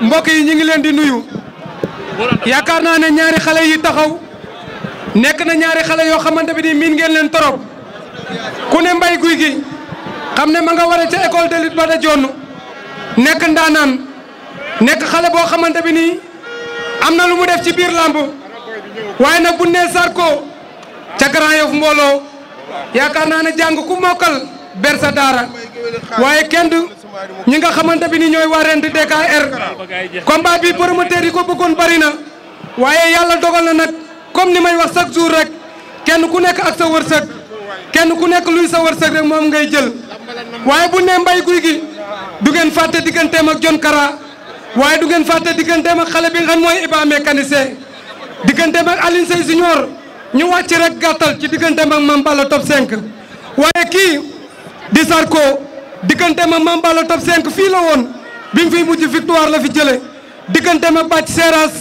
mbokk yi ñu ngi leen di nuyu yaakaar naa ne ñaari xale yi taxaw nekk na ñaari xale yoo xamante bi ni miin ngeen leen torop ku ne mbay guy gi xam ne ma nga waree ca école de lutte ba da jonn nekk ndaanaan nekk xale boo xamante bi nii am na lu mu def ci biir làmb waaye nag bu ne Zarko ca Grand Yoff mbooloo yaakaar naa ne jàng ku mokkal ber sa daara waaye kenn du ñi nga xamante bi ni ñooy waa Rent DKR combat bi promoteur yi ko bëggoon bari na waaye yàlla dogal na nag comme ni may wax chaque jour rek kenn ku nekk ak sa wërsëg kenn ku nekk luy sa wërsëg rek moom ngay jël waaye bu ne mbay guy gi du ngeen fàtte digganteem ak John Kara waaye du ngeen fàtte digganteem ak xale bi nga xam mooy Iba mécanicien digganteem ak Alioune Seye Junior ñu wàcc rek gàttal ci digganteem ak Mame Balla top 5 di Sarko diggante ma Mame Balla top 5 fii la woon bi mu fiy mujj victoire la fi jële diggante ma Bathie Seras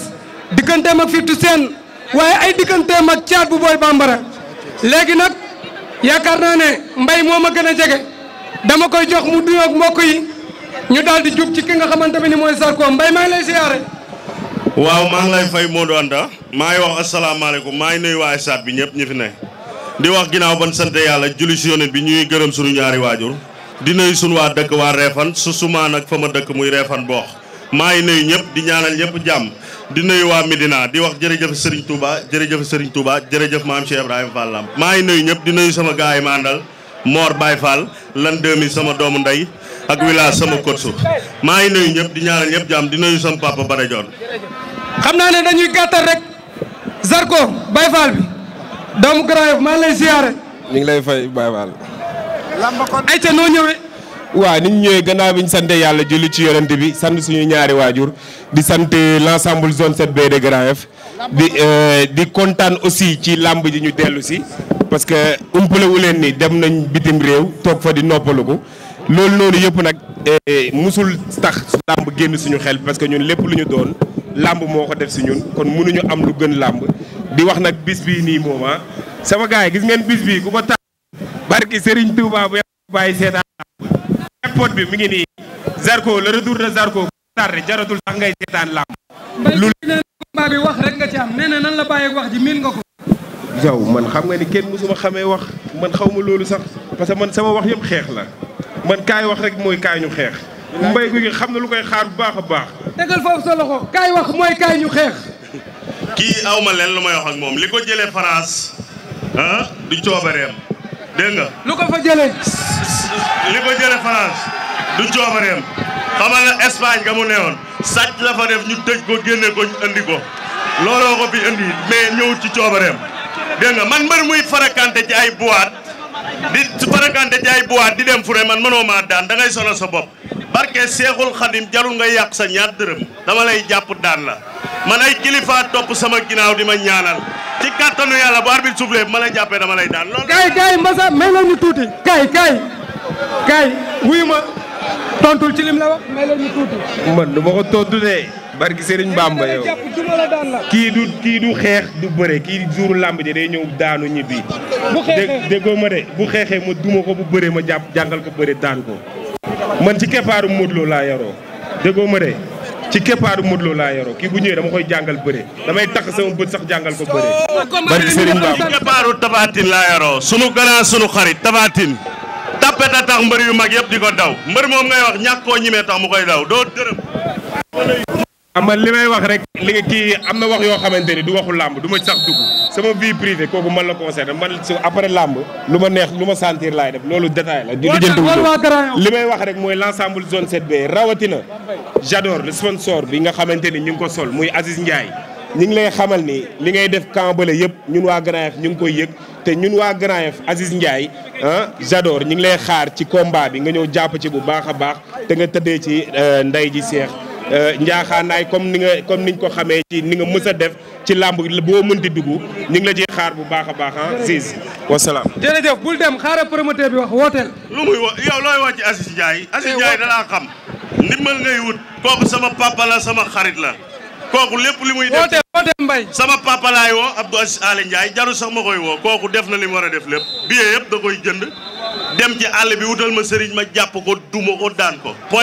diggante ma Fifty seen waaye ay diggante ma caat bu booy bambara léegi nag yaakaar naa ne mbay moo ma gën a jege dama koy jox mu nuyoog mbokk yi ñu daal di jub ci ki nga xamante ne ni mooy Sarko mbay maa ngi lay siyaare waaw maa ngi lay fay Modou da maa ngi wax asalaamaaleykum maa ngi nuyu waa stade bi ñëpp ñi fi ne di wax ginnaaw ban sant yàlla julli si yonent bi ñuy gërëm suñu ñaari waajur di nuyu suñu waa dëkk waa reefan su suma nag fa ma dëkk muy reefan boox maa ngi nuyu ñëpp di ñaanal ñëpp jàmm di nuyu waa Medina di wax jërëjëf Serigne Touba jërëjëf Serigne Touba jërëjëf maam Cheikh Ibrahima Fall Lamp maa ngi nuyu ñëpp di nuyu sama gaay ma àndal Mor Baye Fall lan 2000 sama doomu ndey ak village sama kotsu maa ngi nuyu ñëpp di ñaanal ñëpp jàmm di nuyu sama ba Bada Dione xam naa ne dañuy gàttal rek Zarko Baye Fall bi doomu Grand maa lay ziyaare. ñu ngi lay fay Baye Fall. lamba kon ayca noo ñëwee. waaw ni ñëwee gannaaw bi ñu sant yàlla julli ci yonent bi sant suñu ñaari waajur di sant l' ensemble zone 7 de Grand Yoff di euh, di kontaan aussi ci làmb ji ñu dellu si. parce que umpale wu leen ni dem nañ bitim réew toog fa di noppaluku loolu noonu yëpp nag euh, musul tax làmb génn suñu xel parce que ñun lépp lu ñu doon làmb moo ko def si ñun kon mënuñu am lu gën làmb. di wax nag bis bii nii moom ah sama yi gis ngeen bis bii ku ko tax barki Serigne Touba bu bàyyi seetaan jackpot bi mi ngi nii Zarko le retour de Zarko tardé jaratul sax ngay seetaan làmb lu nee na wax rek nga ci am nee nan la bàyyeeg wax ji miin nga ko yow man xam nga ni kenn mosuma xamee wax man xaw ma loolu sax parce que man sama wax yëpp xeex la man kaay wax rek mooy kaay ñu xeex mbay gi xam na lu koy xaar bu baax a baax tegal foofu sa loxo kaay kaay kii aw ma leen lu may wax moom li ko jëlee France ah du coobareem dégg nga. lu ko fa jëlee. li ko jëlee France du coobareem xam nga Espagne ga mu newoon sàcc la fa def ñu tëj ko génne ko ñu andi ko looloo ko bi andi mais ñëwut ci coobareem dégg nga man mbër muy farakante ci ay boîte. di su farakante ci ay boîte di dem fu ne man mënoo maa daan da ngay sonal sa bopp barke seexul xadim jarul nga yàq sa ñaar dërëm dama lay jàpp daan la man ay kilifa topp sama ginaaw di ma ñaanal ci kàttanu yàlla bu arbitre soufflé ma lay jàppee dama lay daan loolu. kay kay Mbassa may leen ñu tuuti. kay kay wuyu ma tontul ci lim la wax may leen ñu tuuti. man du ma ko tontu de. barki Serigne Bamba yow kii du xeex du bëre kii jour làmb ji day ñëw daanu ñibbi. bu ma de bu xeexee ma duma ko bu bëree ma jàpp jàngal ko bëre daan ko. man ci keppaaru Modou Lo laa yaroo déggoo ma de. ci keppaaru Modou Lo laa yoroo kii bu ñëwee dama koy jàngal bëre damay takk sama bët sax jàngal ko bëre. bari Serigne Ba ci keppaaru Tafatine laa yoroo sunu grand sunu xarit Tafatine. tapeta tax mbër yu mag yëpp di ko daw mbër moom ngay wax ñàkk koo ñimee tax mu koy daw doo dërëm. xam nga li may wax rek li nga kii am na wax yoo xamante ni du waxu làmb du ma sax dugg sama vie privée kooku man la concerné man après làmb lu ma neex lu ma sentir laay def loolu détail la di lijjanti li may wax rek mooy l' ensemble zone 7B rawatina j'adore le sponsor bi nga xamante ni ñu ngi ko sol muy Aziz Ndiaye ñu lay xamal ni li ngay def kambale yëpp ñun waa Grand Yoff ñu ngi koy yëg te ñun waa Grand Yoff Aziz Ndiaye ah j'adore ñu ngi lay xaar ci combat bi nga ñëw jàpp ci bu baax a baax te nga tëddee ci euh, ndey ji seex Euh, njaaxaanaay comme ni nga comme niñ ko xamee ci ni nga mës a def ci làmb boo mënti dugg ñu ngi la ciy xaar bu baax a baax ah Ziz. wa salaam jërëjëf bul dem xaaral promoteur bi wax wooteel. lu muy wax yow looy wax ci Aziz Ndiaye. Eh, Aziz Ndiaye da laa xam. ndimbal ngay wut. kooku sama papa la sama xarit la. kooku lépp li muy def woote woote mbay sama papa laay woo Abdou Aziz Ndiaye jaru sax ma koy woo kooku def na li war a def lépp billet yëpp da koy jënd dem ci àll bi wutal ma sëriñ ma jàpp ko duma ko ko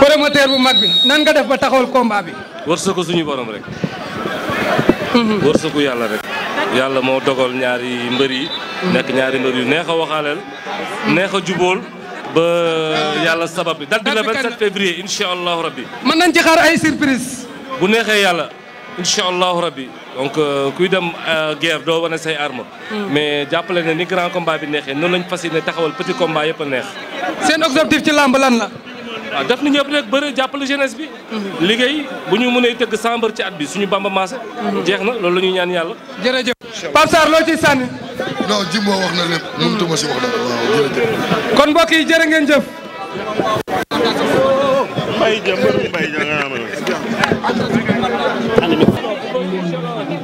promoteur bu mag bi nan nga def ba taxawal combat bi. wërsëgu suñu borom rek. Mhm. wërsëgu yàlla rek. yàlla moo dogal ñaari mbër yi. Mhm. nekk ñaari mbër yu neex a waxaaleel. neex a jubool. ba yàlla sabab bi date bi la 27 février incha allahu rabbi. mën nañ ci xaar ay surprise. bu neexee yàlla incha allahu rabbi. donc euh, kuy dem euh, guerre doo wane say arme hmm. mais jàppale ne ni grand combat bi neexee noonu lañ fas yéene taxawal petit combat yëpp a neex. seen objectif ci làmb lan la. waaw ah, def na ñëpp rek bëri jàppale jeunesse bi. Hmm. liggéey bu ñu mënee tëgg sambar ci at bi suñu bamba maase. Hmm. jeex na loolu la ñuy ñaan yàlla. jërëjëf Pape Sarr loo ciy sànni. non Jimbo wax na si wax dara waaw kon mbokk yi ngeen jëf. Mbaye Dia mbër Mbaye Dia nga xam ne